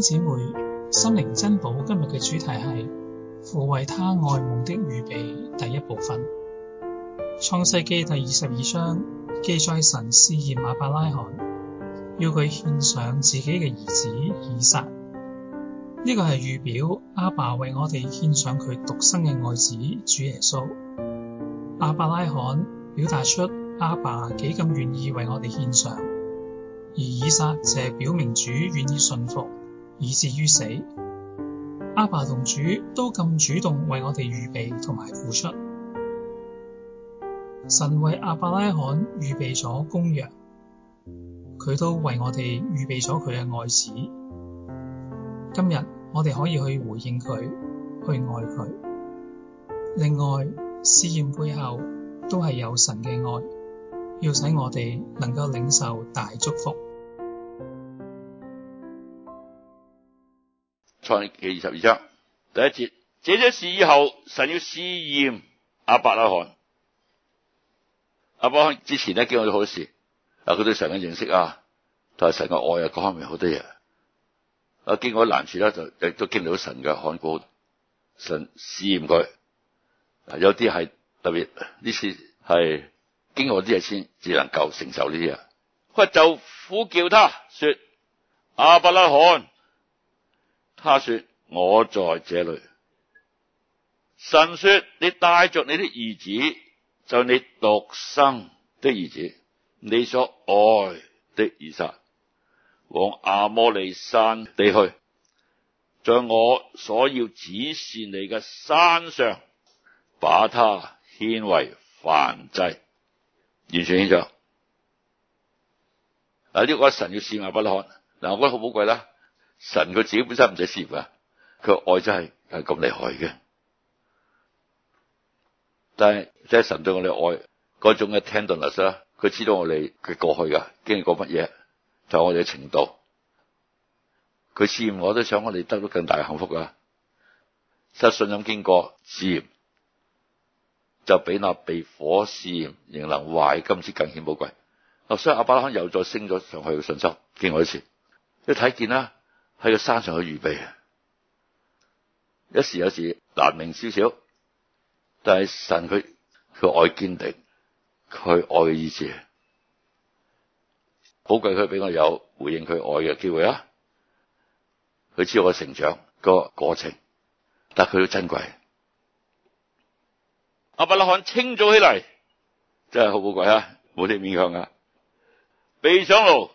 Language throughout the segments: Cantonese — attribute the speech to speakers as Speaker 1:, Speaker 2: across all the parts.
Speaker 1: 姊妹，心靈珍寶今日嘅主題係父為祂愛夢的預備，第一部分創世記第二十二章記載神試驗阿伯拉罕，要佢獻上自己嘅兒子以撒。呢個係預表阿爸為我哋獻上佢獨生嘅愛子主耶穌。阿伯拉罕表達出阿爸幾咁願意為我哋獻上，而以撒就係表明主願意信服。以至於死，阿爸同主都咁主動為我哋預備同埋付出。神為亞伯拉罕預備咗公羊，佢都為我哋預備咗佢嘅愛子。今日我哋可以去回應佢，去愛佢。另外試驗背後都係有神嘅愛，要使我哋能夠領受大祝福。
Speaker 2: 創記二十二章第一節，這些事以後，神要試驗亞伯拉罕。亞伯拉罕之前呢，經過咗好多事，啊，佢對神嘅認識啊，同埋神嘅愛啊，各方面好多嘢。啊，經過啲難處咧，就亦都經歷到神嘅考驗，神試驗佢。啊，有啲係特別呢次係經過啲嘢先，只能夠承受呢啲嘢。佢就呼叫他說：亞伯拉罕。他說：我在這裡。神說：你帶着你的兒子，就你獨生的兒子，你所愛的以撒，往摩利亞山地去，在我所要指示你嘅山上，把他獻為燔祭。完全清楚。嗱，呢個神要試驗亞伯拉罕，嗱，我覺得好寶貴啦。神佢自己本身唔使試驗噶，佢愛就係係咁厲害嘅。但係即係神對我哋愛嗰種嘅 tenderness 啦，佢知道我哋佢過去噶經歷過乜嘢，就係我哋嘅程度，佢試驗我都想我哋得到更大嘅幸福㗎。失信心經過試驗，就比那被火試驗仍能壞金子更顯寶貴。所以亞伯拉罕又再升咗上去嘅信心，見我一次，一睇見啦。喺個山上去預備，一時有時難明少少，但係神佢佢愛堅定，佢愛嘅意思，寶貴佢俾我有回應佢愛嘅機會啊！佢知道我成長個過程，但係佢都珍貴。亞伯拉罕清早起嚟，真係好寶貴啊！冇啲勉強啊。備上驢，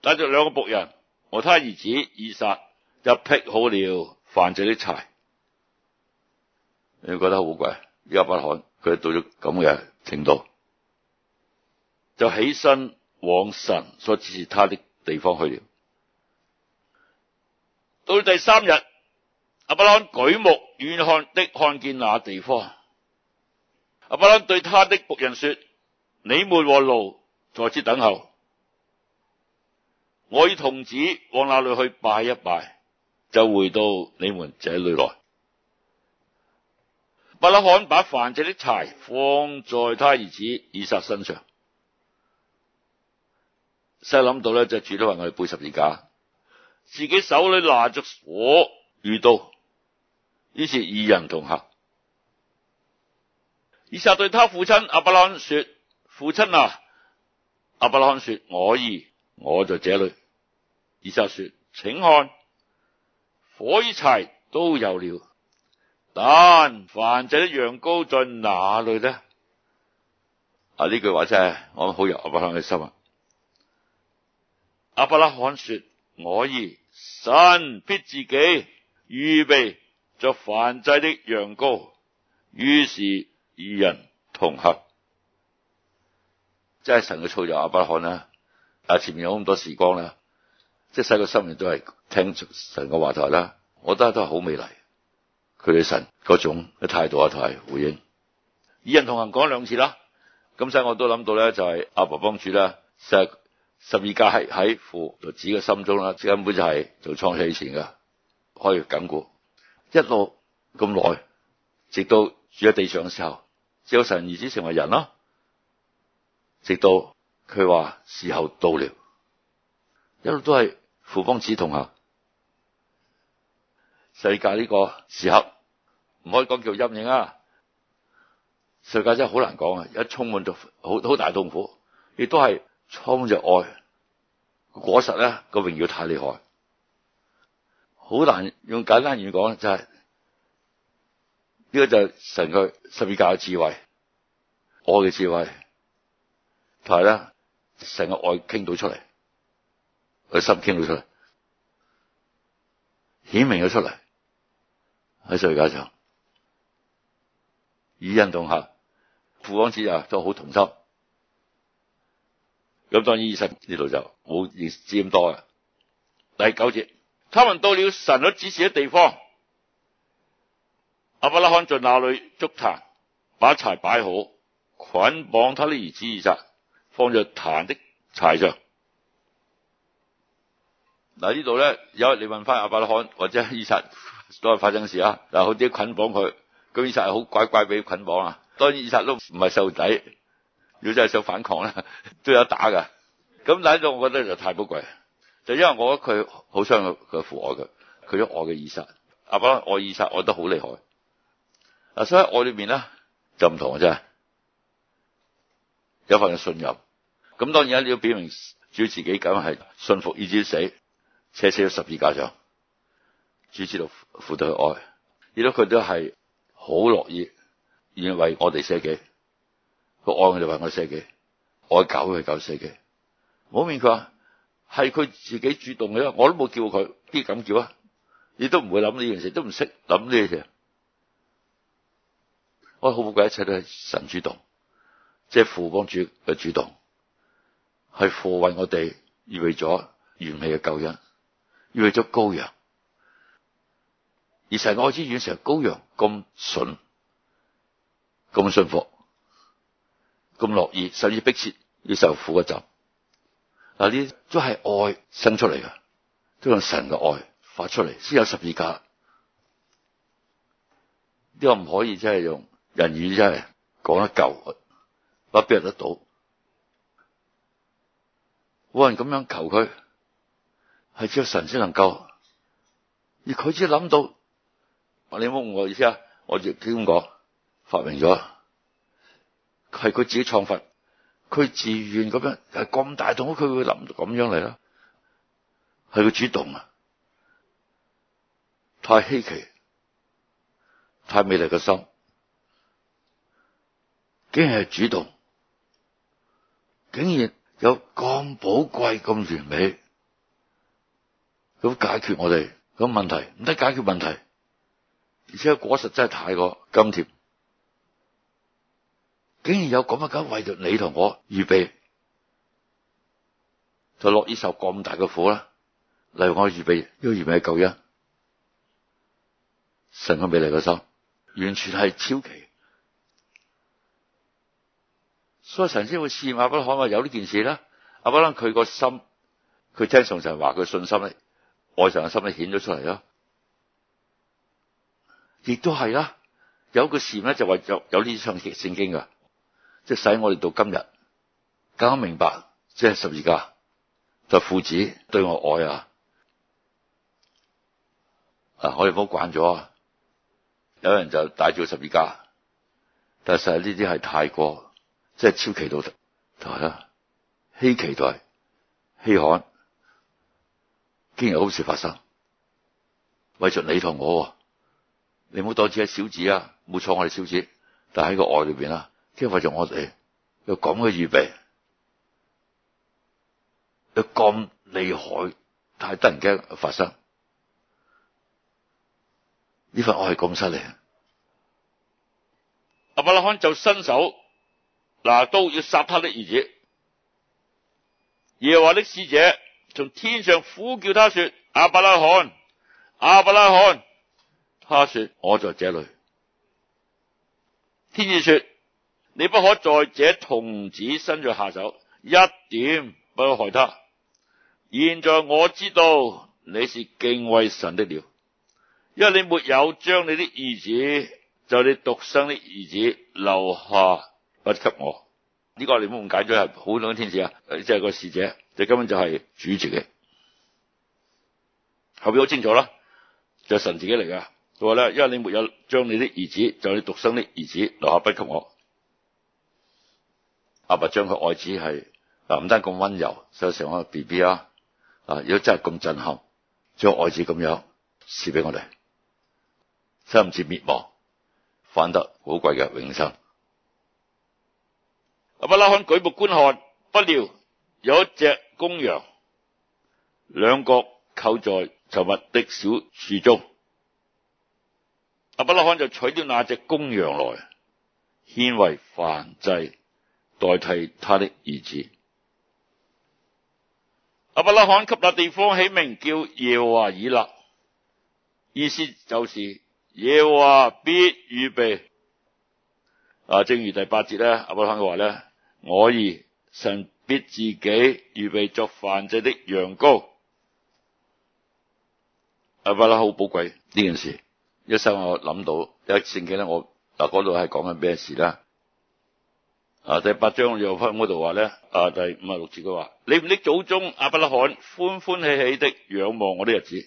Speaker 2: 帶着兩個僕人。我他兒子以撒就劈好了燔祭啲柴，你覺得好貴，啊？亞伯拉罕，佢到咗咁嘅程度，就起身往神所指示他的地方去了。到第三日，亞伯拉罕舉目遠看的看見那地方，亞伯拉罕對他的僕人說：你們和驢在此等候。我與童子往那裡去拜一拜，就回到你們這裡來。伯拉罕把燔祭的柴放在他兒子以撒身上，細諗到呢，就主都話我哋背十字架，自己手裡拿着火與刀，於是二人同行。以撒對他父親阿伯拉罕說：父親啊，阿伯拉罕說：我兒，我在這裡。以撒說，請看，火與柴都有了，但燔祭的羊羔在哪裏呢？啊！呢句話真係我好有亞伯拉罕嘅心啊！亞伯拉罕說：我兒，神必自己預備作燔祭的羊羔。於是二人同行，即係神嘅造就亞伯拉罕啦，啊。但，啊，前面有咁多時光啦，啊。即係細個心念都係聽神個話題啦，我覺得都係好美麗。佢對神嗰種嘅態度啊，同埋回應，二人同行講咗兩次啦。咁所以我都諗到咧，就係阿爸幫主咧，十十二屆喺父子嘅心中啦，根本就係做創世以前㗎。可以鞏固一路咁耐，直到住喺地上嘅時候，只有神兒子成為人啦，直到佢話時候到了，一路都係。父光子同行，世界呢個時刻唔可以講叫陰影啊！世界真係好難講啊，一充滿咗好好大痛苦，亦都係充滿着愛。果實咧個榮耀太厲害，好難用簡單語言講。就係呢個就神佢十字架嘅智慧，愛嘅智慧，同埋咧成個愛傾到出嚟。佢心傾咗出嚟，顯明咗出嚟喺世界上，以引動下，父王子啊都好同心。咁當然二生呢度就冇意思咁多啦。第九節，他們到了神所指示的地方，亞伯拉罕在那裏築壇，把柴擺好，捆綁他的兒子以撒，放在壇的柴上。嗱，呢度咧有你問翻亞伯拉罕或者以撒都係發生事啊嗱，好啲捆綁佢，咁以撒係好乖乖俾捆綁啊。當然以撒都唔係細路仔，如果真係想反抗啦都有得打噶。咁但呢度我覺得就太寶貴，就因為我佢好相佢扶我佢，佢咗我嘅以撒，亞伯拉罕愛以撒愛得好厲害。所以愛裏邊咧就唔同我真係有份信任。咁當然啦，要表明主要自己咁係順服以至死。寫死咗十二家長，主知道父對愛，而到佢都係好樂意願為我哋寫記，佢愛佢就為我寫記，愛狗嘅狗搞記。唔好怨佢啊，係佢自己主動嘅，我都冇叫佢，邊敢叫啊？你都唔會諗呢樣嘢，都唔識諗呢嘢。我好寶貴，一切都係神主動，即係父幫主嘅主動，係父為我哋預備咗完美嘅救恩。預備咗羔羊，而神愛之成日羔羊咁順，咁順服，咁樂意，甚至迫切要受苦嘅集，嗱呢啲都係愛生出嚟嘅，都用神嘅愛發出嚟，先有十字架。呢、這個唔可以真係用人語真係講得夠，不表達得到，我人咁樣求佢。係只有神先能夠，而佢只諗到，你唔好問我意思啊！我直接咁講，發明咗，係佢自己創佛，佢自願咁樣，係咁大痛，佢會諗到咁樣嚟啦，係佢主動啊！太稀奇，太美麗嘅心，竟然係主動，竟然有咁寶貴、咁完美。咁解決我哋咁問題唔得，唔解決問題，而且果實真係太過甘甜，竟然有咁啊！咁為咗你同我預備，就樂意受咁大嘅苦啦。例如我預備呢個預備救恩，神分俾你個心，完全係超奇。所以神先會試驗亞伯拉罕啊！有呢件事啦，亞伯拉罕佢個心，佢聽從神話佢信心咧。愛上嘅心咧，顯咗出嚟咯，亦都係啦。有一個事咧，就話有有呢啲上極聖經噶，即係使我哋到今日更加明白，即係十字架，就父子對我愛啊！啊，我哋唔好慣咗啊！有人就帶住十字架，但係實呢啲係太過，即係超期到，係啦，希期待希罕。竟然好事發生，為着你同我，你唔好當住係小子啊！冇錯，我哋小子，但係喺個愛裏邊啊，即係為着我哋有咁嘅預備，有咁厲害，但係突然間發生，呢份愛係咁犀利。亞伯拉罕就伸手，拿刀要殺他的兒子，耶華的使者，從天上呼叫他說：亞伯拉罕，亞伯拉罕。他說：我在這裡。天使說：你不可在這童子身上下手，一點不可害他。現在我知道你是敬畏神的了，因為你沒有將你的兒子，就你獨生的兒子留下不給我。呢、這個你唔解咗，係好多個天使啊，即、就、係、是、個使者。你根本就係主自己，後邊好清楚啦。就是，神自己嚟噶，佢話咧：因為你沒有將你啲兒子，就你獨生啲兒子留下不給我，阿伯將佢愛子係嗱，唔單係咁温柔，甚至成個 B B 啊，啊，如果，啊、真係咁震撼，將愛子咁樣賜俾我哋，不至滅亡，反得好貴嘅永生。阿，啊、伯拉罕舉目觀看，不料。有一隻公羊，兩角扣在稠密的小樹中。阿伯拉罕就取咗那隻公羊來，獻為燔祭，代替他的兒子。阿伯拉罕給那地方起名叫耶和華以勒，意思就是耶和華必預備。啊，正如第八節呢，阿伯拉罕嘅話呢，我以神。」必自己預備作燔祭的羊羔。阿伯拉罕好寶貴呢件事。一生我諗到，有一聖經咧，我嗱嗰度係講緊咩事咧？啊，第八章又翻嗰度話咧，啊第五十六節佢話：你們的祖宗阿伯拉罕歡歡喜喜的仰望我的日子，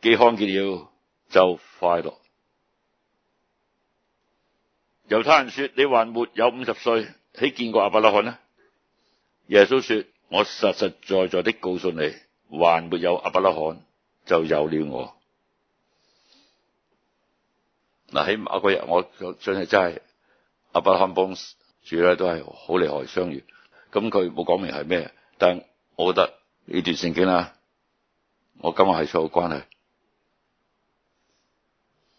Speaker 2: 既看見了就快樂。猶太人說：你還沒有五十歲，豈見過阿伯拉罕呢？耶穌說，我實實在在在的告訴你，還沒有亞伯拉罕就有了我。嗱，起碼嗰日我真係真係亞伯拉罕幫住咧,都係好厲害嘅相遇。咁佢冇講明係咩，但我覺得呢段聖經啊，我今日係錯關係。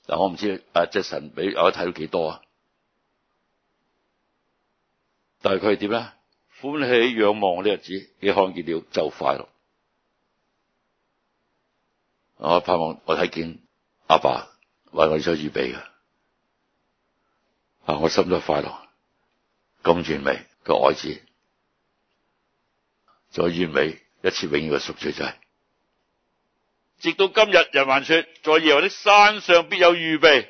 Speaker 2: 嗱，我唔知阿只神俾我睇到幾多啊，但係佢係點咧？但是他是怎樣歡喜仰望我啲日子，你看見了就快樂，啊。我盼望我睇見阿爸為我所預備嘅，啊，我心都快樂。咁完美個愛子。再完美一次，永遠嘅贖罪祭。直到今日，人還說，在耶和華的山上必有預備。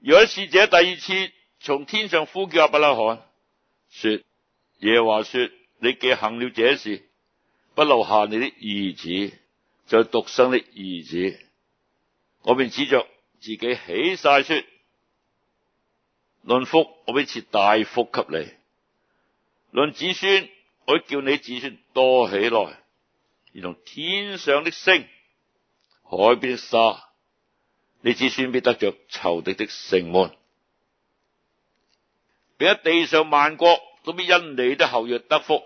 Speaker 2: 若使者第二次從天上呼叫亞伯拉罕。說耶和華說，說你既行了這事，不留下你的兒子，就獨生的兒子，我便指着自己起誓說：論福，我必賜大福給你；論子孫，我叫你子孫多起來，如同天上的星、海邊的沙，你子孫必得着仇敵的城門。俾喺地上萬國都必因你得後裔得福，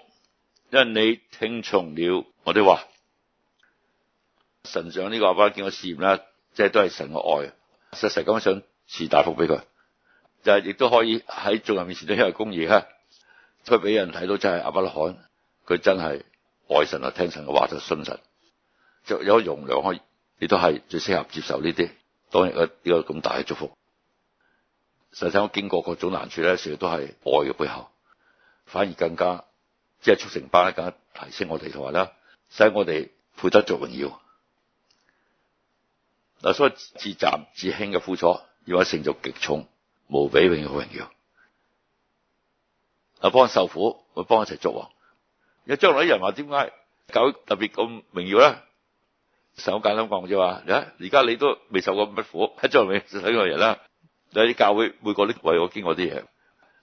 Speaker 2: 因你聽從了我哋話。神上呢個亞伯見我試驗啦，即係都係神嘅愛，實實咁想賜大福俾佢，就係亦都可以喺眾人面前都係公義哈，佢俾人睇到真係亞伯拉罕，佢真係愛神就聽神嘅話就信神，有容量可以，亦都係最適合接受呢啲當然，呢個咁大嘅祝福。實際我經過各種難處咧，實際都係愛嘅背後，反而更加即係促成班更加提升我哋同埋啦，使我哋配得做榮耀。嗱，所以至暫至輕嘅苦楚，要為我成就極重無比永遠榮耀榮耀。啊，幫受苦，我幫一齊作王。有將來啲人話點解教會特別咁榮耀咧？手簡簡講，講啫嘛，而家你都未受過咁乜苦，喺將來就睇嗰人啦。你教會每個啲位，我經過啲嘢，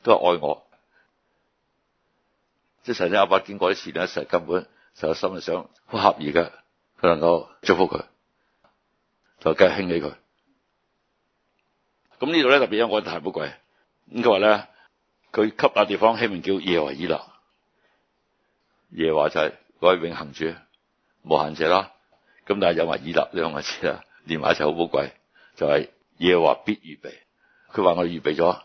Speaker 2: 都係愛我，即係成仔阿伯經過啲事咧，成日根本就有心想，好合意嘅，佢能夠祝福佢，就梗係興起佢。咁呢度咧特別有我太寶貴咁佢話咧，佢給那地方起名叫耶和華以勒，耶和華就係、是、我係永恆主，無限者啦。咁但係有埋以勒呢兩個字啊，連埋一齊好寶貴，就係耶和華必預備。佢話：我預備咗。